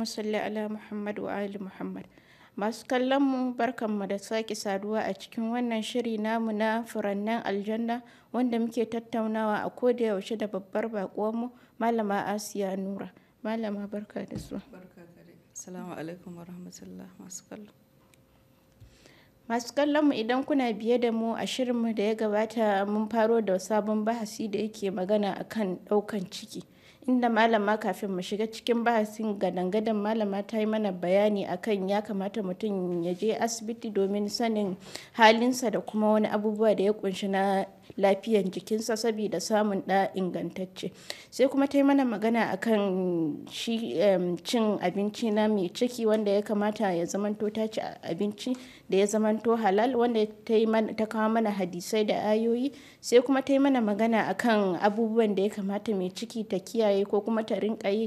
Allahumma salli ala Muhammad wa ali Muhammad. Masu kallon mu barkanmu da sake saduwa a cikin wannan shiri namu na furannin aljanna wanda muke tattaunawa a koda yaushe da babbar mu Malama Asiya Nura. Malama barka da su. Assalamu alaikum wa rahmatullah masu kallon. Masu kallon mu idan kuna biye da mu a shirin mu da ya gabata mun faro da sabon bahasi da yake magana akan ɗaukan ciki. inda malama kafin mu shiga cikin bahasin gadangadan malama ta yi mana bayani akan ya kamata mutum ya je asibiti domin sanin halinsa da kuma wani abubuwa da ya kunshi na lafiyan jikinsa saboda samun ɗa ingantacce sai kuma ta yi mana magana akan shi cin abinci na mai ciki wanda ya kamata ya zamanto ta ci abinci da ya zamanto halal wanda ta kawo mana hadisai da ayoyi sai kuma ta yi mana magana a kan abubuwan da ya kamata mai ciki ta kiyaye ko kuma ta rinka yi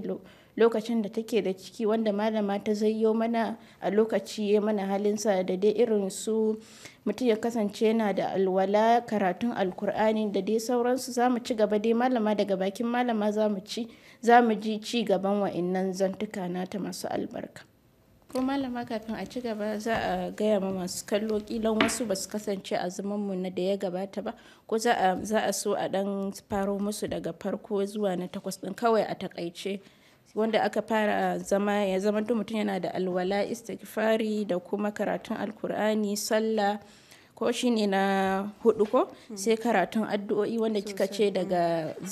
lokacin da take da ciki wanda malama ta zayyo mana a lokaci ya mana halinsa da dai irin su mutum ya kasance yana da alwala karatun alkur'ani da dai sauransu za mu ci gaba dai malama daga bakin malama za mu ci za mu ji ci gaban wa'innan zantuka nata masu albarka ko malama kafin a ci gaba za a gaya ma masu kallo kilan wasu ba su kasance a mu na da ya gabata ba ko za a so a dan faro musu daga farko zuwa na takwas din kawai a takaice wanda aka fara zama ya zamanto mutum yana da alwala istighfari da kuma karatun alkur'ani sallah ko shine na hudu ko sai karatun addu'o'i wanda kika ce daga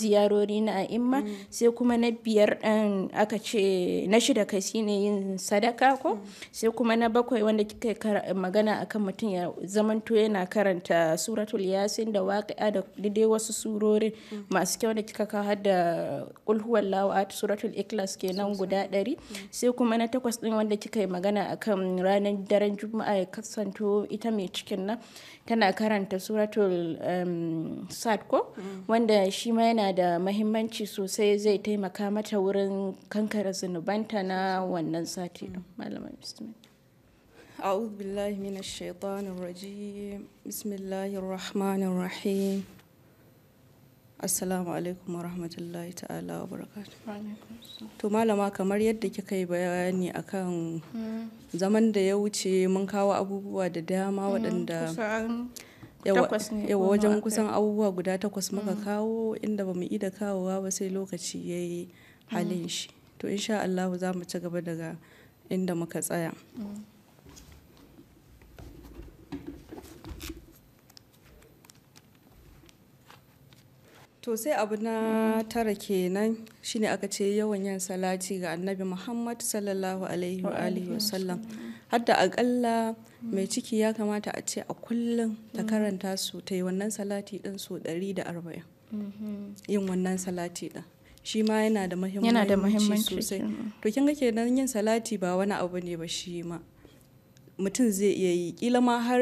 ziyarori na a'imma mm. sai kuma na biyar ɗan aka ce na shida kai shine yin sadaka ko mm. sai kuma na bakwai wanda kika magana akan mutum ya zamanto yana karanta suratul yasin da waqi'a da dai wasu surori mm. masu kyau da kika kawo da huwallahu at suratul ikhlas kenan guda ɗari sai kuma na takwas ɗin wanda kika magana akan ranar daren juma'a ya kasanto ita mai cikin nan tana karanta suratul um, sad ko mm. wanda shi ma yana da mahimmanci sosai zai taimaka mata wurin kankara zunubanta na wannan sati malama bismillah أعوذ بالله من الشيطان الرجيم بسم الله الرحمن الرحيم assalamu alaikum warahmatullahi ta'ala wa barakatu to malama kamar yadda kika yi bayani akan hmm. zaman da ya wuce mun kawo abubuwa da dama hmm, waɗanda yawa wajen kusan abubuwa guda takwas muka hmm. kawo inda ba mu ida kawowa ba sai lokaci ya yi halin shi to insha Allah za mu ci gaba daga inda muka tsaya To sai abu na tara kenan shine aka ce yawan yin salati ga annabi Muhammad sallallahu alaihi wa alihi wasallam. Hadda akalla mai ciki ya kamata a ce a kullum ta karanta su ta yi wannan salati din so 140. Yin wannan salati din. Shi ma yana da muhimmanci sosai. To kin ga kenan yin salati ba wani abu ne ba shi ma. Mutum zai iya yi kila ma har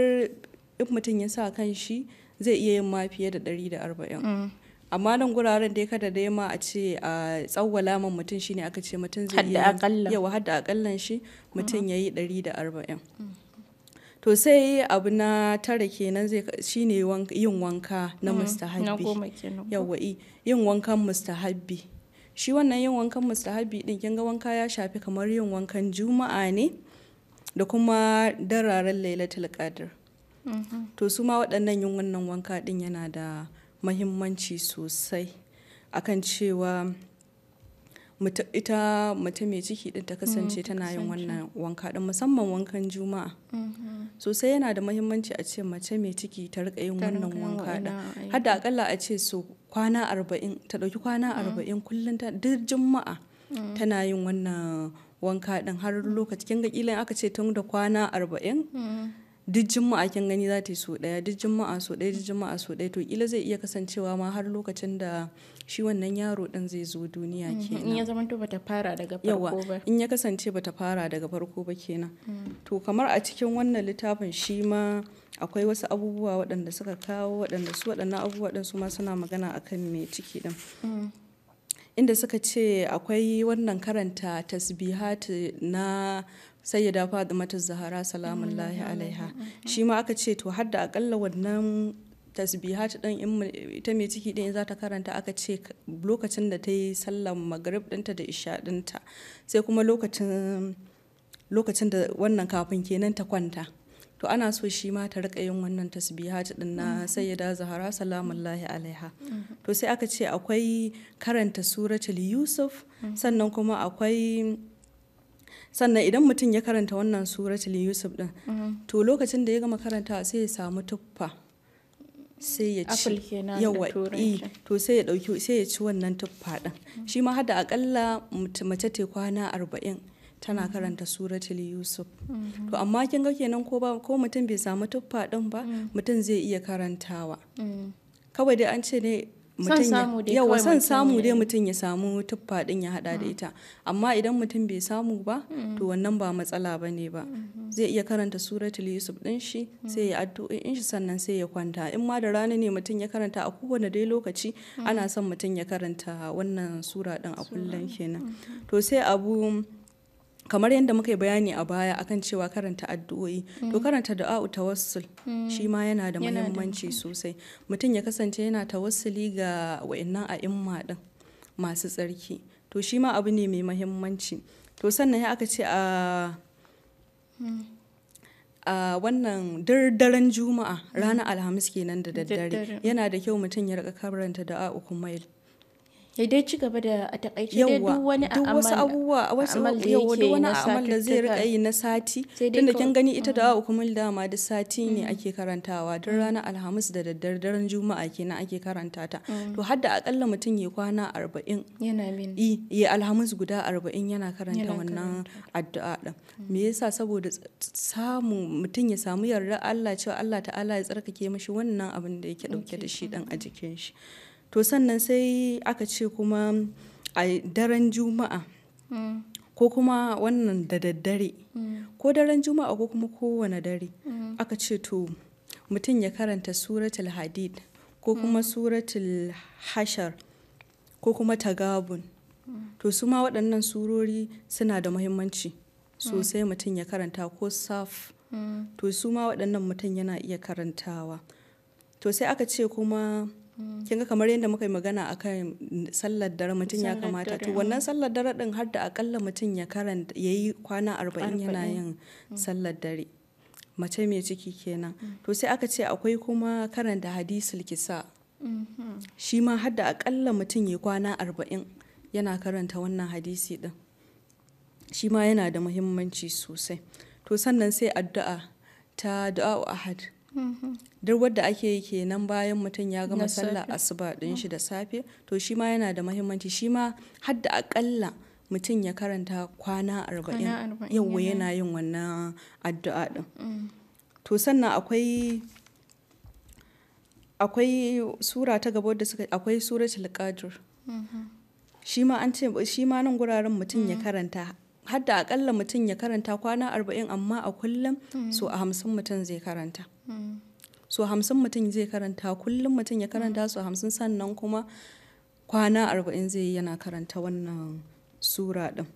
in mutum ya sa kan shi zai iya yin ma fiye da 140. amma nan guraren dai kada da ma a ce a tsawwala man mutum shine aka ce mutum zai iya yawa hadda akallan shi mutum mm-hmm. yayi 140 mm. to sai abu na tara kenan zai shine yin wanka na mustahabbi mm-hmm. yawa yin wankan mustahabbi shi wannan yin wankan mustahabbi din kin ga wanka ya shafi kamar yin wankan juma'a ne da kuma dararen lailatul qadr mm-hmm. to su ma waɗannan yin wannan wanka din yana da mahimmanci sosai akan cewa ita mace mai ciki din ta kasance mm, tana yin wannan wanka din musamman wankan juma'a mm-hmm. sosai yana da mahimmanci a ce mace mai ciki ta rika yin wannan wanka din har akalla a ce so kwana arba'in ta dauki kwana mm. arba'in kullum ta duk juma'a mm. tana yin wannan wanka din har lokaci kin ƙila aka ce tun da kwana arba'in duk juma'a kin gani za ta yi so ɗaya duk juma'a so ɗaya duk juma'a so ɗaya to kila zai iya kasancewa ma har lokacin da shi wannan yaro ɗin zai zo duniya mhm, kenan in ya zama to bata fara daga farko ba in ya kasance bata fara daga farko ba kenan mm. to kamar a cikin wannan littafin shi ma akwai wasu abubuwa waɗanda suka kawo waɗanda su waɗannan abubuwa ɗin su ma suna magana akan mai ciki ɗin mm. inda suka ce akwai wannan karanta tasbihat na sayyida fadimatu zahara salamun lahi alaiha shi ma aka ce to hadda akalla wannan tasbihat din ita mai ciki din za ta karanta aka ce lokacin da ta yi sallan magrib dinta da isha dinta sai kuma lokacin da wannan kafin kenan ta kwanta to ana so shi ma ta rika yin wannan tasbihat din na mm-hmm. sayyida zahara salamun lahi alaiha mm-hmm. to sai aka ce akwai karanta suratul yusuf mm-hmm. sannan kuma akwai sannan idan mutum ya karanta wannan suratul yusuf din mm-hmm. to lokacin da ya gama karanta sai ya samu tuffa sai ya ci yawa eh, to sai ya dauki sai ya ci wannan tuffa din mm-hmm. shi ma hada akalla mace te kwana arba'in tana mm-hmm. karanta suratul yusuf to amma kin ga kenan ko ba ko mutum bai samu tuffa din ba mm. mutum zai iya karantawa mm. kawai dai an ce ne yawa son samu dai mutum ya samu tuffa din ya hada da mm. ita amma idan mutum bai samu ba mm. to wannan ba matsala ba ne ba mm-hmm. zai iya karanta suratul yusuf din shi mm. sai ya addu'o'in shi sannan sai ya kwanta in ma da rana ne mutum ya karanta a kowane dai lokaci ana son mutum ya karanta wannan sura din a kullum kenan mm-hmm. to sai abu kamar yadda muka yi bayani a baya akan cewa karanta addu'o'i to mm. karanta da'a'u tawassul mm. shi ma yana da muhimmanci sosai mutum ya kasance yana tawassuli ga wa'annan a'imma din masu tsarki to shi ma abu ne mai muhimmanci to sannan ya aka ce a mm. a wannan daren juma'a ranar alhamis kenan da daddare yana da kyau mutum ya rika karanta a'u kuma sai dai ci gaba da a takaice dai duk wani duk wasu abubuwa wasu yawa duk wani amal da zai rika yi na sati tunda kin gani ita da hukumul mm-hmm. dama da sati ne mm-hmm. ake karantawa duk mm-hmm. ranar alhamis da daddare daren juma'a kenan ake karanta ta to har da akalla mutum ya kwana arba'in yana bin ya alhamis guda arba'in yana karanta wannan addu'a din me yasa saboda samu mutum ya samu yarda Allah cewa Allah ta'ala ya tsarkake mishi wannan abin da yake dauke da shi dan a jikin shi To sannan sai aka ce kuma a daren Juma'a mm. ko kuma wannan da daddare mm. ko daren Juma'a ko kuma kowane dare mm. aka ce to mutum ya karanta suratul hadid ko kuma suratul hashar ko kuma tagabun to su ma waɗannan surori suna da muhimmanci sosai mutum ya karanta ko saf to su ma waɗannan mutum yana iya karantawa to sai aka ce kuma kin ga kamar yadda muka yi magana akan sallar dare mutum ya kamata to mm. wannan sallar dare din har da akalla mutum ya karanta ya yi kwana arba'in yana yin mm. sallar dare mace mai ciki kenan mm. to sai aka ce akwai kuma karanta hadisul kisa mm-hmm. shi ma har da akalla mutum ya kwana arba'in yana karanta wannan hadisi din shi ma yana da muhimmanci sosai to sannan sai addu'a ta du'a ahad duk wadda ake yi kenan bayan mutum ya gama sallah asuba ɗin shi mm. da safe to shi ma yana da mahimmanci shi ma hadda akalla mutum ya karanta kwana arba'in yawwa yana yin wannan addu'a ɗin mm. to sannan akwai akwai sura ta gaba da suka akwai suratul qadr mm-hmm. shi ma an ce shi ma nan guraren mutum ya mm. karanta hadda akalla mutum ya karanta kwana arba'in amma a kullum so a hamsin mutum zai karanta So hamsin mutum zai karanta kullum mutum ya karanta so hamsin sannan kuma kwana arba'in zai yi yana karanta wannan sura ɗin.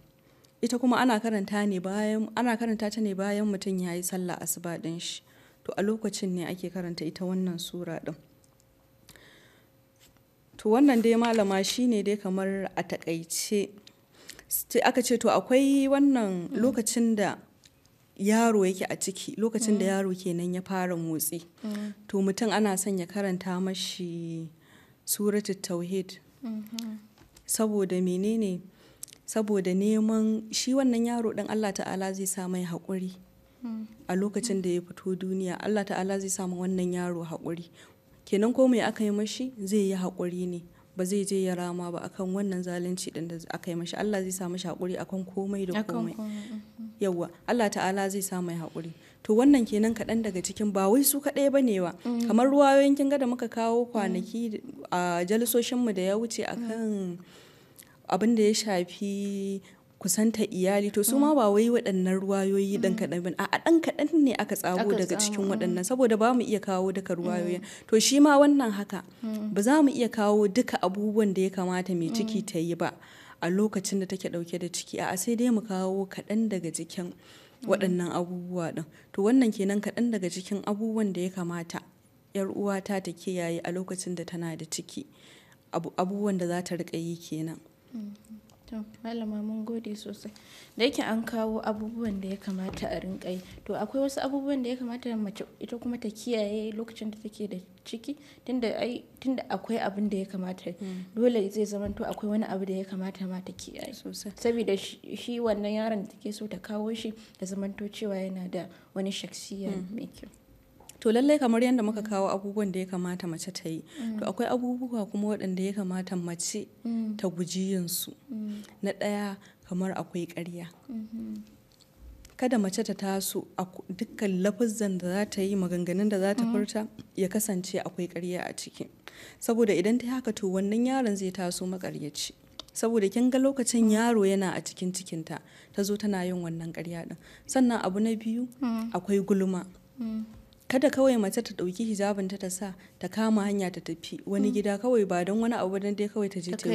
Ita kuma ana karanta ne bayan ana karanta ta ne bayan mutum ya yi sallah asuba ɗin shi. To a lokacin ne ake karanta ita wannan sura ɗin. To wannan dai malama shi ne dai kamar a takaice Aka ce to akwai wannan hmm. lokacin da yaro yake a ciki lokacin da mm. yaro kenan ya fara motsi mm. to mutum ana son ya karanta mashi suratul tauhid mm-hmm. saboda menene saboda neman shi wannan yaro din Allah ta'ala zai sa mai haƙuri mm. a lokacin da ya fito duniya Allah ta'ala zai sa wannan yaro haƙuri kenan ko mai aka yi mashi zai yi haƙuri ne ba zai je ya rama ba akan wannan zalunci din da aka yi mashi Allah zai sa mashi haƙuri akan komai da komai mm-hmm. yawa Allah ta'ala zai sa mai haƙuri to wannan kenan kaɗan daga cikin ba wai su kaɗai ba ne ba mm-hmm. kamar ruwa kin ga da muka kawo kwanaki a jalisoshinmu da ya wuce akan mm-hmm. abin da ya shafi kusanta iyali to su mm. ma ba wai waɗannan ruwayoyi ɗan mm. kaɗan ba a ɗan kaɗan ne aka tsabo daga cikin mm. waɗannan saboda ba mu iya kawo duka ruwayoyi to shi ma wannan haka ba za mu iya kawo duka abubuwan da ya kamata mai ciki ta yi ba a lokacin da take ɗauke da ciki a sai dai mu kawo kaɗan daga cikin waɗannan abubuwa ɗin to wannan kenan kaɗan daga cikin abubuwan da ya kamata yar uwata ta kiyaye a lokacin da tana da ciki abubuwan da za ta riƙa yi kenan mm-hmm. To Malama mun gode sosai. Da yake an kawo abubuwan da ya kamata a rinƙa yi. To akwai wasu abubuwan da ya kamata mace ita kuma ta kiyaye lokacin da take da ciki tunda akwai abin da ya kamata hmm. dole zai zamanto akwai wani abu da ya kamata ma ta kiyaye sosai. Saboda shi wannan yaron da take so ta kawo shi da zamanto cewa yana da wani shaksiya hmm. mai kyau. to lallai kamar yadda muka mm. kawo abubuwan da ya kamata mace ta yi mm. to akwai abubuwa kuma waɗanda ya kamata mace mm. ta guji yin su na ɗaya kamar akwai ƙarya mm-hmm. kada mace ta taso a dukkan lafazan da za ta yi maganganun da za ta furta ya kasance akwai ƙarya a ciki saboda idan ta haka to wannan yaron zai taso makaryaci saboda kin ga lokacin yaro yana a cikin cikinta ta zo tana yin wannan ƙarya din sannan abu na biyu akwai gulma kada kawai mace ta ɗauki hijabin ta sa ta kama hanya ta tafi wani mm. gida kawai ba don wani abu dan dai kawai ta je ta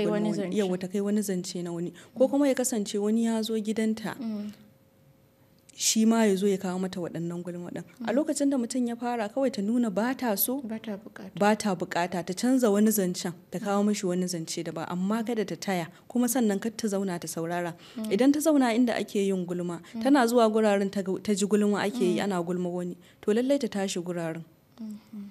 kai wani zance na wani ko kuma ya kasance wani ya zo gidanta mm. shi ma ya zo ya kawo mata waɗannan gulmaɗin a lokacin da mutum ya fara kawai ta nuna ba ta so ba ta bukata ta canza wani zancen ta kawo mashi wani zance da ba amma kada ta taya kuma sannan kar ta zauna ta saurara mm. idan ta zauna inda ake yin gulma mm. tana zuwa guraren ta ji gulma ake yi mm. ana gulma wani to lallai ta tashi guraren mm-hmm.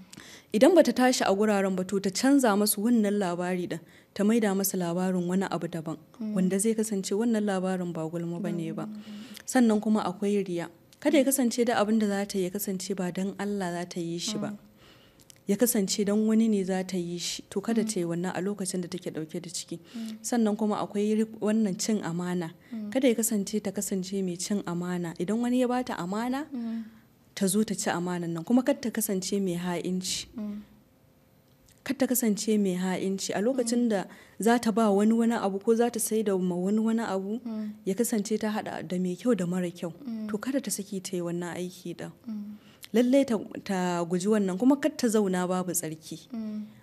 idan ba ta tashi a guraren ba to ta canza masu wannan labari din ta maida masa labarin wani abu daban wanda zai kasance wannan labarin ba gulma ba ne ba sannan kuma akwai riya kada ya kasance da abin da za ta yi ya kasance ba don Allah za ta yi shi ba ya kasance don wani ne za ta yi shi to kada ta yi wannan a lokacin da take dauke da ciki sannan kuma akwai wannan cin amana kada ya kasance ta kasance mai cin amana idan wani ya bata amana ta zo ta ci amanan nan kuma kada ta kasance mai ha'inci kar ta kasance mai ha'inci a lokacin mm. da za ta ba wani wani abu ko za ta sai da ma wani wani abu mm. ya kasance ta hada da mai kyau da mara kyau mm. to kada ta saki ta yi wannan aiki da lallai ta guji wannan kuma kar ta zauna babu tsarki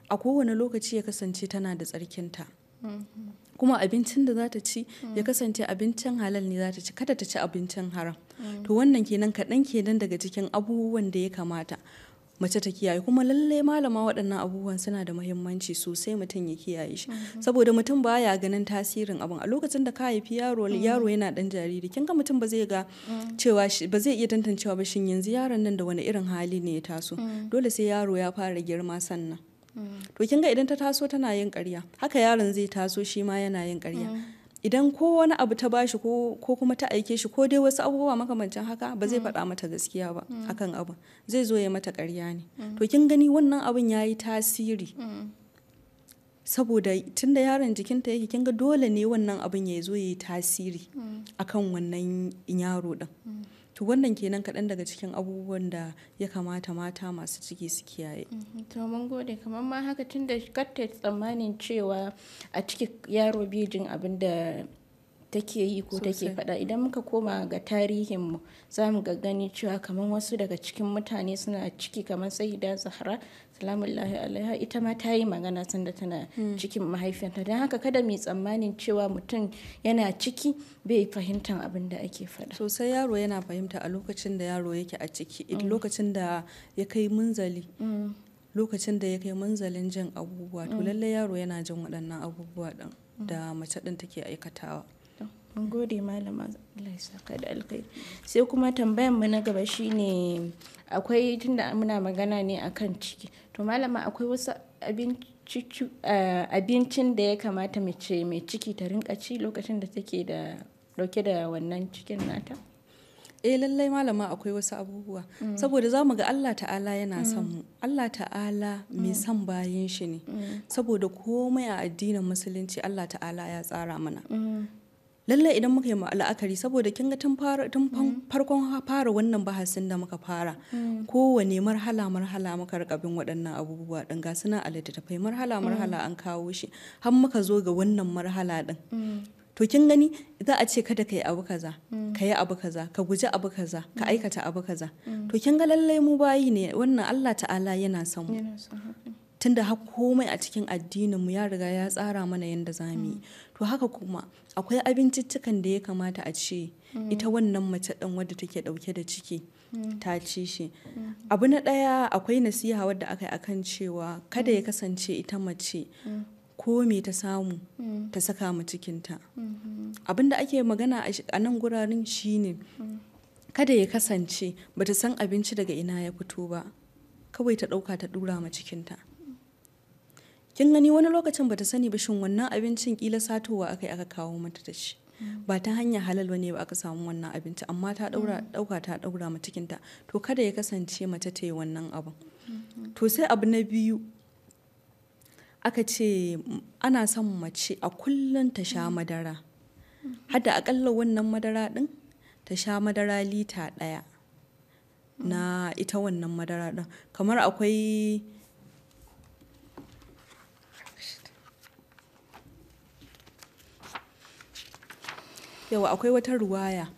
a kowane lokaci ya kasance tana da tsarkinta mm-hmm. kuma abincin da za ta ci ya kasance abincin halal ne za ta ci kada ta ci abincin haram to wannan kenan kaɗan kenan daga cikin abubuwan da ya kamata mace ta kiyaye kuma lallai malama waɗannan abubuwan suna da muhimmanci sosai mutum ya kiyaye shi mhm. saboda mutum baya ganin tasirin abin a lokacin da ka haifi yaro mhm. yaro yana dan jariri kin ga mutum ba zai ga mhm. cewa ba zai iya tantancewa ba shin yanzu yaron nan da wani irin hali ne ya taso dole sai yaro ya fara girma sannan to kin ga idan ta taso tana yin ƙarya haka yaron zai taso shi ma yana yin ƙarya idan ko wani abu ta bashi ko kuma ta aike shi ko dai wasu abubuwa makamancin haka ba zai mm. faɗa mata gaskiya ba mm. akan abin zai zo ya mata ƙarya ne mm. to kin gani wannan abin ya yi tasiri saboda tunda yaron jikinta yake kin ga dole ne wannan abin ya zo ya yi tasiri akan wannan yaro ɗin. to wannan kenan kaɗan daga cikin abubuwan da ya kamata mata masu ciki su kiyaye mm-hmm. to mun gode kamar ma haka tun da tsammanin cewa a ciki yaro bijin abin da take yi ko take faɗa idan muka koma ga tarihinmu za mu gani cewa kamar wasu daga cikin mutane suna ciki kamar sayida zahra salamullahi alaiha ita ma ta yi magana sanda tana hmm. cikin mahaifinta don haka kada mai tsammanin cewa mutum yana ciki bai fahimtar abin da ake faɗa sosai yaro yana fahimta a lokacin da yaro yake a ciki hmm. lokacin da ya kai munzali hmm. lokacin da ya kai munzalin jin abubuwa to lallai yaro yana jin waɗannan abubuwa da mace ɗin take aikatawa mun gode malama Allah ya saka da alkhairi sai kuma tambayan mu na gaba shine akwai tunda muna magana ne akan ciki to malama akwai wasu eh, abincin da ya kamata mace mai ciki ta rinka ci lokacin da take da dauke da wannan cikin nata eh lallai malama akwai wasu abubuwa mm. saboda za mu ga Allah ta'ala yana mm. son mu Allah ta'ala mai mm. son bayan shi ne saboda komai a addinin musulunci Allah ta'ala ya tsara mana lallai idan muka yi la'akari saboda kin ga tun mm. farkon fara wannan bahasin da muka fara mm. kowane marhala marhala muka rika bin waɗannan abubuwa ɗin ga suna a littattafai marhala marhala mm. an kawo shi har muka zo ga wannan marhala ɗin. to kin gani za a ce kada ka yi abu kaza ka yi abu kaza ka guji abu kaza ka aikata abu kaza to kin ga lallai mu bayi ne wannan Allah ta'ala yana son mu tunda har komai a cikin addininmu ya riga ya tsara mana yadda za mu yi to haka kuma akwai abinciccikan da ya kamata a ce ita wannan mace ɗin wadda take ɗauke da ciki ta ci shi abu na ɗaya akwai nasiha wadda aka yi akan cewa kada ya kasance ita mace ko me ta samu ta saka mu cikinta abin da ake magana a nan guraren shine kada ya kasance bata san abinci daga ina ya fito ba kawai ta ɗauka ta ɗura ma cikinta kin gani wani lokacin bata sani ba shin wannan abincin kila satowa akai aka kawo mata da shi ba ta hanya halal ne ba aka samu wannan abinci amma ta dauka mm. ta daura ma cikinta to kada ya kasance mace ta yi wannan abin to sai abu na biyu aka ce ana son mace a kullum ta sha mm. madara mm. hada akalla wannan madara din ta sha madara lita ɗaya na ita wannan madara din. kamar akwai yawa akwai wata ruwaya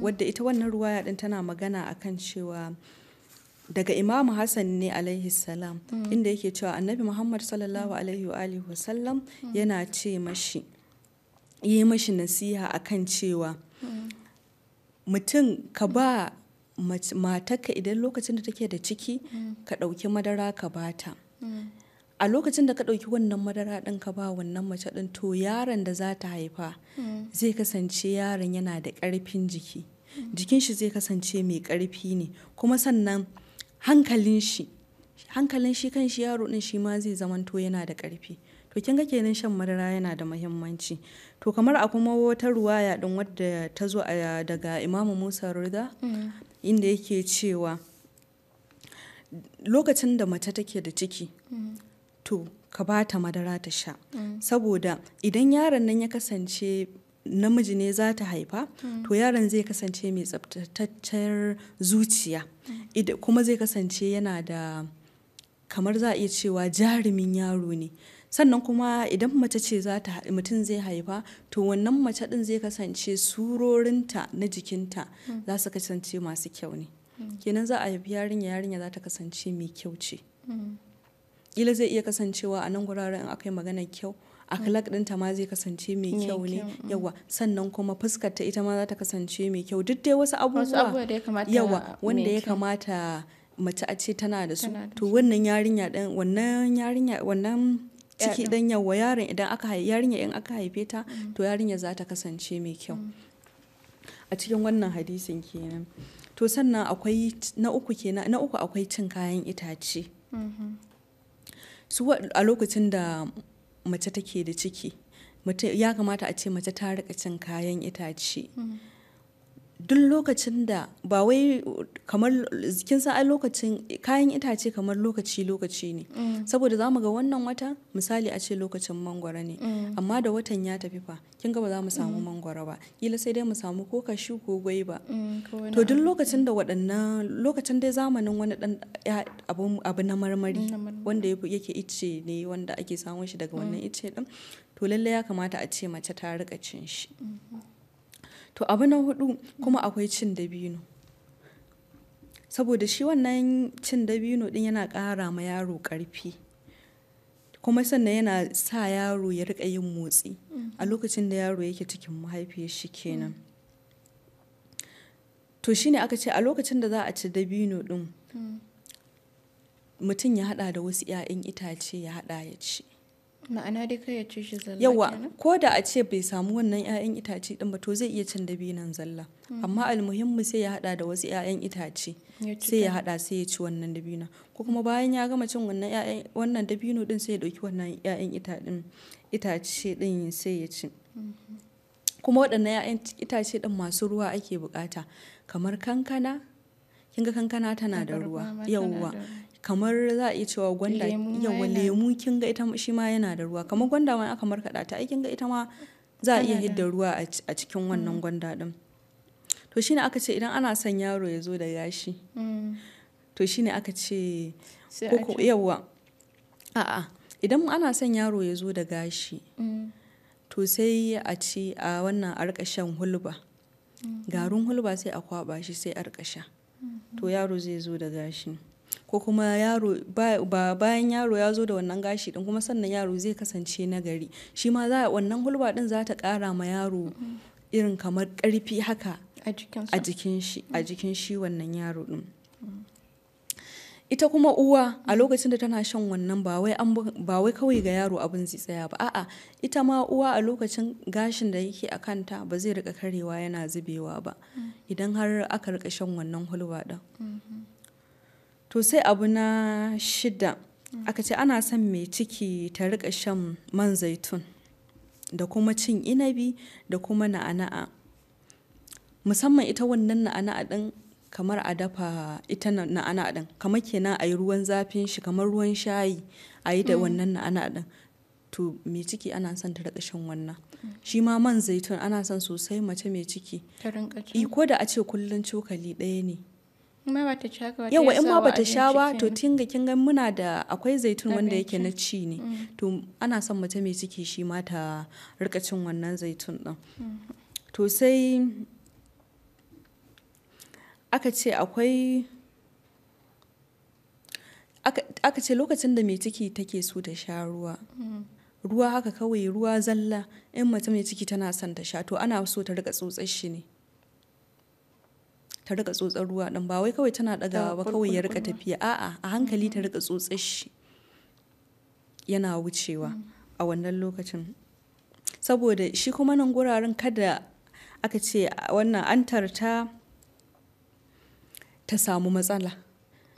wadda ita wannan ruwaya din tana magana akan cewa daga imam hassan ne alaihi salam inda yake cewa annabi muhammad sallallahu alaihi wa alihi wasallam yana ce mashi yi mashi nasiha akan cewa mutum ka ba matarka idan lokacin da take da ciki ka ɗauki madara ka bata a lokacin da ka ɗauki wannan madara ɗin ka ba wannan mace ɗin to yaron da za ta haifa hmm. zai kasance yaron yana da ƙarfin jiki jikin shi zai kasance mai ƙarfi ne kuma sannan hankalin shi hankalin shi kan shi yaro ɗin shi ma zai zamanto yana da ƙarfi to kin ga kenan shan madara yana da muhimmanci to kamar a kuma wata ruwaya ɗin wadda ta zo daga imamu musa rida hmm. inda yake cewa lokacin da mace take da ciki hmm. to ka ba ta madara ta sha mm. saboda idan yaron nan ya kasance namiji ne za ta haifa mm. to yaron zai kasance mai tsabtataccen zuciya mm. kuma zai kasance yana da kamar za a iya cewa jarumin yaro ne sannan kuma idan mace ce mutum zai haifa to wannan mace din zai kasance surorinta na jikinta za su kasance masu kyau ne kenan za a haifi yarinya yarinya za ta kasance mai kyau ce ila zai iya kasancewa a nan guraren in magana kyau a kyau akhlaq ɗinta ma zai kasance mai kyau ne yawa mm. sannan kuma fuskar ta ita ma za ta kasance mai kyau duk dai wasu abubuwa yawa wanda ya kamata mace a ce tana da su to wannan yarinya din wannan yarinya wannan ciki dan yawa yaron idan aka yarinya in aka haife ta mm. to yarinya za ta kasance mai kyau mm. a cikin wannan hadisin kenan to sannan akwai na uku kenan na uku akwai cin kayan itace mm-hmm. su a lokacin da mace take da ciki ya kamata a ce mace ta rika cin kayan itace mm. duk lokacin da ba wai kamar kin san ai lokacin kayan itace kamar lokaci lokaci ne mm. saboda zamu ga wannan wata misali a ce lokacin mangwara ne mm. amma da watan ya tafi fa kin ga ba za mu samu mm. mangwara ba kila sai dai mu samu ko kashu ko gwaiba to duk lokacin da waɗannan lokacin dai zamanin wani dan abu na marmari wanda yake ice ne wanda ake samun shi daga wannan ice din to lallai ya kamata a ce mace ta rika cin shi mm-hmm. To abu na hudu kuma akwai cin dabino. Saboda shi wannan cin dabino din yana ƙara ma yaro ƙarfi. Kuma sannan yana sa yaro ya riƙa yin motsi a lokacin da yaro yake cikin mahaifiyar shi kenan. To shine aka ce a lokacin da za a ci dabino din mutum ya haɗa da wasu 'ya'yan itace ya haɗa ya ci. ma'ana dai kai ya ci shi zalla yawa ko da a ce bai samu wannan 'ya'yan itace din ba to zai iya cin dabinan zalla hmm. amma almuhimmi sai ya hada da wasu 'ya'yan itace sai ya hada sai ya ci wannan dabina ko kuma bayan ya gama cin wannan 'ya'yan wannan dabino din sai ya dauki wannan 'ya'yan itace din sai ya ci mm-hmm. kuma waɗannan 'ya'yan itace din masu ruwa ake bukata kamar kankana kinga kankana tana da ruwa yawwa kamar za a iya cewa gwanda yawa lemu kin ga ita shi ma yana da ruwa kamar gwanda ma aka markaɗa ta aikin kin ga ita ma za a iya hidda ruwa a cikin wannan mm. gwanda din to shine aka ce idan ana son yaro ya zo da gashi mm. to shine aka ce koko yawa a'a idan ana son yaro ya zo da gashi mm. to sai a ci a wannan a rika shan hulba mm-hmm. garin hulba sai a kwaba shi sai a rika sha mm-hmm. to yaro zai zo da gashi ko kuma yaro ba bayan yaro ya zo da wannan gashi din kuma sannan yaro zai kasance nagari shi ma za wannan hulba din za ta kara ma yaro irin kamar karfi haka a jikin shi a mm. jikin shi wannan yaro din ita kuma uwa a lokacin da tana shan wannan ba wai kawai ga yaro abin zai tsaya ba a'a ita ma uwa a lokacin gashin da yake a kanta ba zai rika karewa yana zubewa ba mm. idan har aka rika shan wannan hulba din mm-hmm. To sai abu na shida aka ce ana son mai ciki ta rika shan man zaitun da kuma cin inabi da kuma na'ana'a. Musamman ita wannan na'ana'a din kamar a dafa ita na'ana'a din kamar kenan a yi ruwan zafin shi kamar ruwan shayi a yi da wannan na'ana'a din To mai ciki ana son ta rika shan wannan. Shi ma man zaitun ana son sosai mace mai ciki. Ta rinƙa ci. ko da a ce kullum cokali ɗaya ne yawa in ma bata sha ba to tinga kin ga muna da akwai zaitun wanda yake na ci ne mm. to ana son mace mai ciki shi ma ta rika cin wannan zaitun din mm. to sai aka ce akwai aka ce lokacin da mai ciki take so ta sha ruwa mm. ruwa haka kawai ruwa zalla in mace mai ciki tana son ta sha to ana so ta rika tsotsar shi ne ta rika tsotsar ruwa din ba wai kawai tana ɗagawa ba kawai ya rika tafiya a'a a hankali ta rika tsotsar shi yana wucewa a wannan lokacin saboda shi kuma nan guraren kada aka ce wannan antar ta ta samu matsala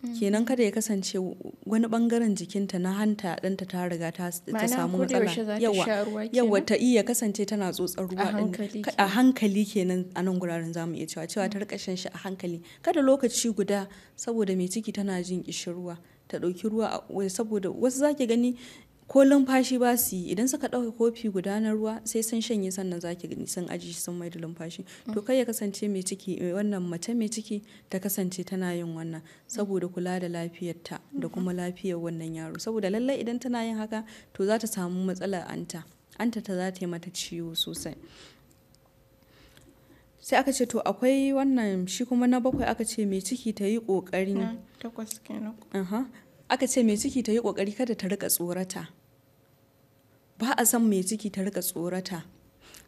Mm. kenan kada ya kasance wani bangaren jikinta na hanta ɗanta ta riga ta samu matsala yawa yawa ta iya kasance tana tsotsar ruwa a hankali kenan a nan guraren mu iya cewa cewa ta mm. rika shan shi a hankali kada lokaci guda saboda mai ciki tana jin kishin ruwa ta ɗauki ruwa saboda wasu zaki gani ko lumfashi ba su yi idan suka ɗauka kofi guda na ruwa sai sun shanye sannan za ki gani sun aji sun mai da lumfashi to kai ya kasance mai ciki eh, wannan mace mai ciki ta kasance tana yin wannan saboda kula da lafiyarta da kuma lafiyar wannan yaro saboda lallai idan tana yin haka to za ta samu matsalar anta anta ta za ta yi mata ciwo sosai sai aka ce to akwai wannan shi kuma na bakwai aka ce mai ciki ta yi ƙoƙarin aka ce mai ciki ta yi ƙoƙari kada ta rika tsorata ba a san mai ciki ta rika tsorata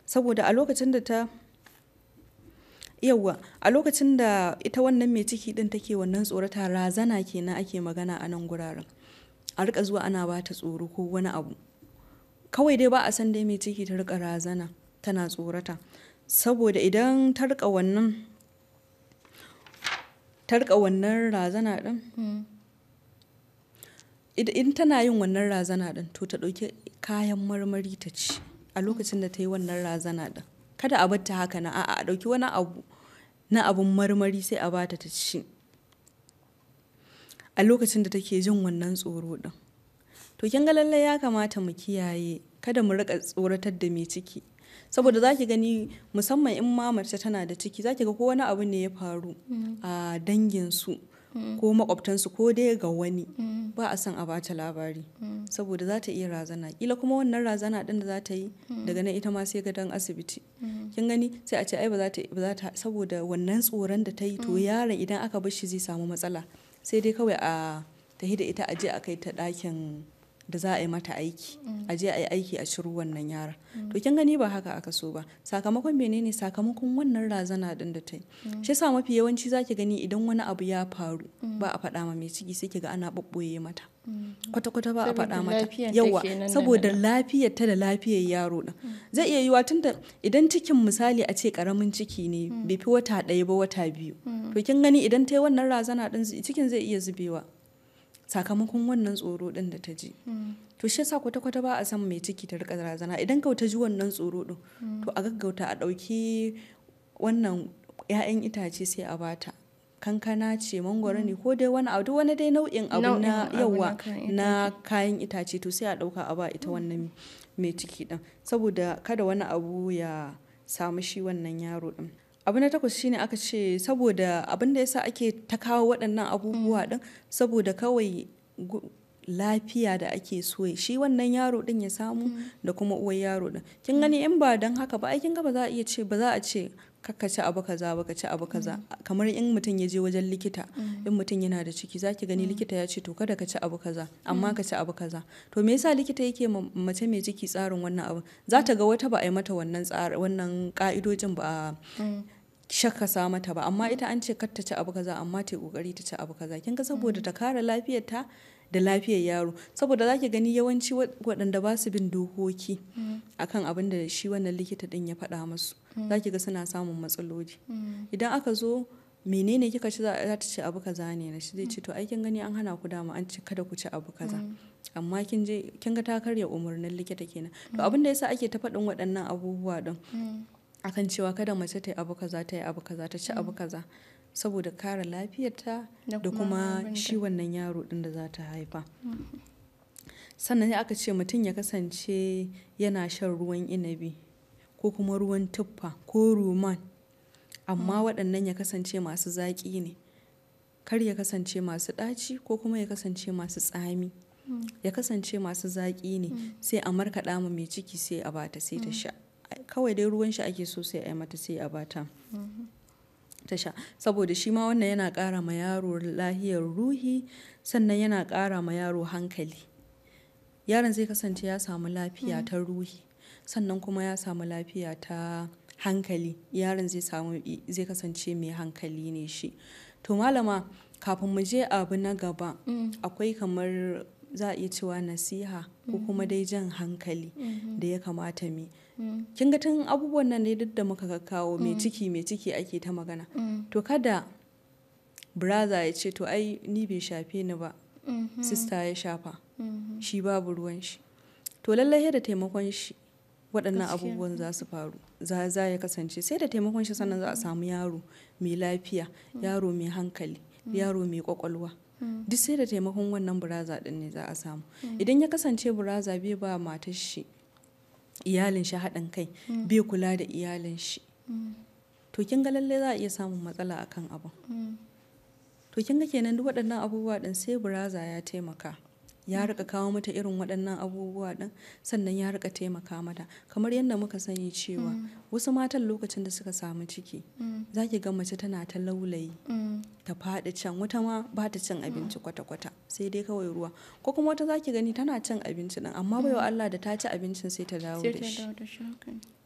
saboda a lokacin da ta yawwa a lokacin da ita wannan mai ciki din take wannan tsorata razana kenan ake magana a nan guraren a rika zuwa ana ba ta tsoro ko wani abu kawai dai ba a san dai mai ciki ta rika razana tana tsorata saboda idan ta rika wannan ta rika wannan razana din hmm. idan tana yin wannan razana din to ta ɗauki kayan marmari ta ci a lokacin da ta yi wannan razana din kada a batta haka na a'a a ɗauki wani abu na abun marmari sai a bata ta ci a lokacin da take jin wannan tsoro din to kin ga lallai ya kamata mu kiyaye kada mu rika tsoratar da mai ciki saboda zaki gani musamman in ma mace tana da ciki zaki ga ko wani abu ne ya faru mm. a dangin su Mm. ko makwabtansu ko dai ga wani mm. ba a son a bata labari mm. saboda za ta iya razana kila kuma wannan razana din da za ta yi daga nan ita ma sai ga dan asibiti kin gani sai a ce ai ba za ta saboda wannan tsoron da ta yi to yaron idan aka bar shi zai samu matsala sai dai kawai a tahi da ita a je a kai ta dakin da za a yi mata aiki mm. a je a yi aiki a ciro wannan yara mm. to kin gani ba haka aka so ba sakamakon menene sakamakon wannan razana din da ta yi mm. shi yasa mafi yawanci zaki gani idan wani abu ya faru ba a faɗa ma mai ciki sai ki ga ana bubboye mata kwata-kwata ba a faɗa mata yawa saboda lafiyar ta da lafiyar yaro din zai iya yiwa tunda idan cikin misali a ce karamin ciki ne bai fi wata ɗaya ba wata biyu to kin gani idan ta yi wannan razana din cikin zai iya zubewa sakamakon wannan tsoro din da ta ji hmm. to shi yasa kwata-kwata ba a san mai ciki ta rika razana idan ka ta ji wannan tsoro din hmm. to a gaggauta a ɗauki wannan 'ya'yan itace sai a bata kankana ce mangwaro ne hmm. ko dai wani abu wani dai nau'in abu na yawa na kayan itace to sai a dauka a ba ita wannan mai ciki din saboda kada wani abu ya samu shi wannan yaro din abu na takwas shine aka ce saboda abin da yasa ake ta kawo waɗannan abubuwa din mm. saboda kawai lafiya da ake so shi wannan yaro din ya samu mm. da kuma uwar yaro din kin mm. gani in ba dan haka ba ai kin ga ba za a iya ce ba za a ce ka ci abu kaza ba ka ci abu kaza kamar in mutum ya je wajen likita in mutum yana da ciki zaki gani likita ya ce to kada ka ci abu kaza amma ka ci abu kaza to me yasa likita yake mace mai ciki tsarin wannan abu za ta ga wata ba a yi mata wannan wannan ka'idojin ba shakka sa mata ba amma ita an ce kar ta ci abu kaza amma ta kokari ta ci abu kaza kin ga saboda ta kare lafiyarta da lafiyar yaro saboda zaki gani yawanci waɗanda ba su bin dokoki mm. akan abin da shi wannan likita din ya faɗa musu mm. zaki ga suna samun matsaloli mm. idan aka zo menene kika ci za ta ci abu kaza ne na shi zai ce to ai kin gani an hana ku dama an ce kada ku ci abu kaza amma kin je kin ga ta karya umarnin likita kenan to abin da yasa ake ta faɗin waɗannan abubuwa din akan cewa kada mace ta yi abu kaza ta yi abu kaza ta ci abu mm. kaza saboda kare lafiyarta da kuma shi wannan yaro din da za ta haifa mm-hmm. sannan aka ce mutum ya kasance yana shan ruwan inabi ko kuma ruwan tuffa ko ruman amma mm. waɗannan ya kasance masu zaƙi ne kar ya kasance masu ɗaci ko kuma ya kasance masu tsami mm. ya kasance masu zaƙi ne sai a markaɗa ma mai ciki sai a bata sai ta sha kawai dai ruwan shi ake so sai a yi mata sai a bata ta saboda shi ma wannan yana ƙara ma yaro lahiyar ruhi sannan yana kara ma yaro hankali yaron zai kasance ya samu lafiya ta ruhi sannan kuma ya samu lafiya ta hankali yaron zai samu zai kasance mai hankali ne shi to malama kafin mu je abu na gaba akwai kamar za a iya cewa nasiha ko kuma dai jan hankali da ya kamata mu kin ga tun abubuwan nan ne duk da muka kawo mai mm. ciki mai ciki ake ta magana mm. to kada braza ya ce to ai ni bai shafe ni ba mm-hmm. sista ya shafa mm-hmm. shi babu ruwan shi to lallai da taimakon shi waɗannan abubuwan za su faru za za ya kasance sai da taimakon shi sannan za a samu yaro mai lafiya mm. yaro mai hankali yaro mai kwakwalwa duk sai da taimakon wannan buraza din ne za a samu idan ya kasance buraza bai ba matar iyalin shi haɗin kai mm. bai kula da iyalin shi mm. to kin ga lallai za a iya samun matsala akan abu mm. to kin ga kenan duk waɗannan abubuwa ɗin sai buraza ya taimaka ya rika kawo mata irin waɗannan abubuwa ɗin sannan ya rika taimaka mata kamar yadda muka sani cewa mm. wasu matan lokacin da suka samu ciki mm. za ki ga mace tana ta laulayi mm. ta faɗi can wata ma ba ta cin abinci kwata-kwata sai dai kawai ruwa ko kuma wata za ki gani tana cin abinci ɗin amma bai wa Allah da ta ci abincin sai ta dawo da shi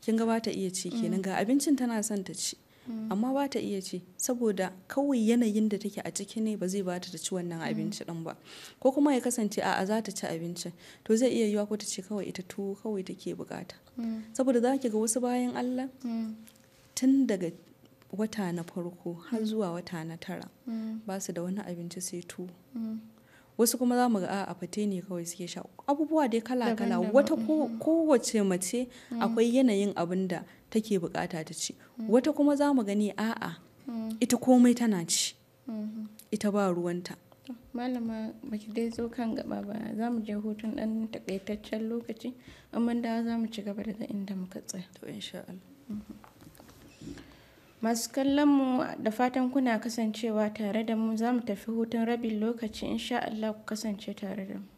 kin ga ba ta iya ci kenan ga abincin tana son ta ci Mm. amma ba ta iya ci saboda kawai yanayin da take a ciki ne ba zai ba ta ci wannan abinci din mm. ba ko kuma ya kasance a'a za ta ci abinci to zai iya yiwa ko ta ce kawai ita tuwo kawai take bukata mm. saboda za ki ga wasu bayan Allah tun daga wata na farko har zuwa wata na tara ba su da wani abinci sai tuwo wasu kuma za mu ga a fate ne kawai suke sha abubuwa dai kala-kala wata kowace mace akwai yanayin abin da take bukata ta ci mm. wata kuma za mu gani a'a mm. ita komai tana ci mm-hmm. ita ba ruwanta malama baki dai zo kan gaba ba za mu je hutun dan takaitaccen lokaci amma da za mu ci gaba daga inda muka tsaya to insha mm-hmm. masu kallon mu da fatan kuna kasancewa tare da mu za mu tafi hutun rabin lokaci insha Allah ku kasance tare da mu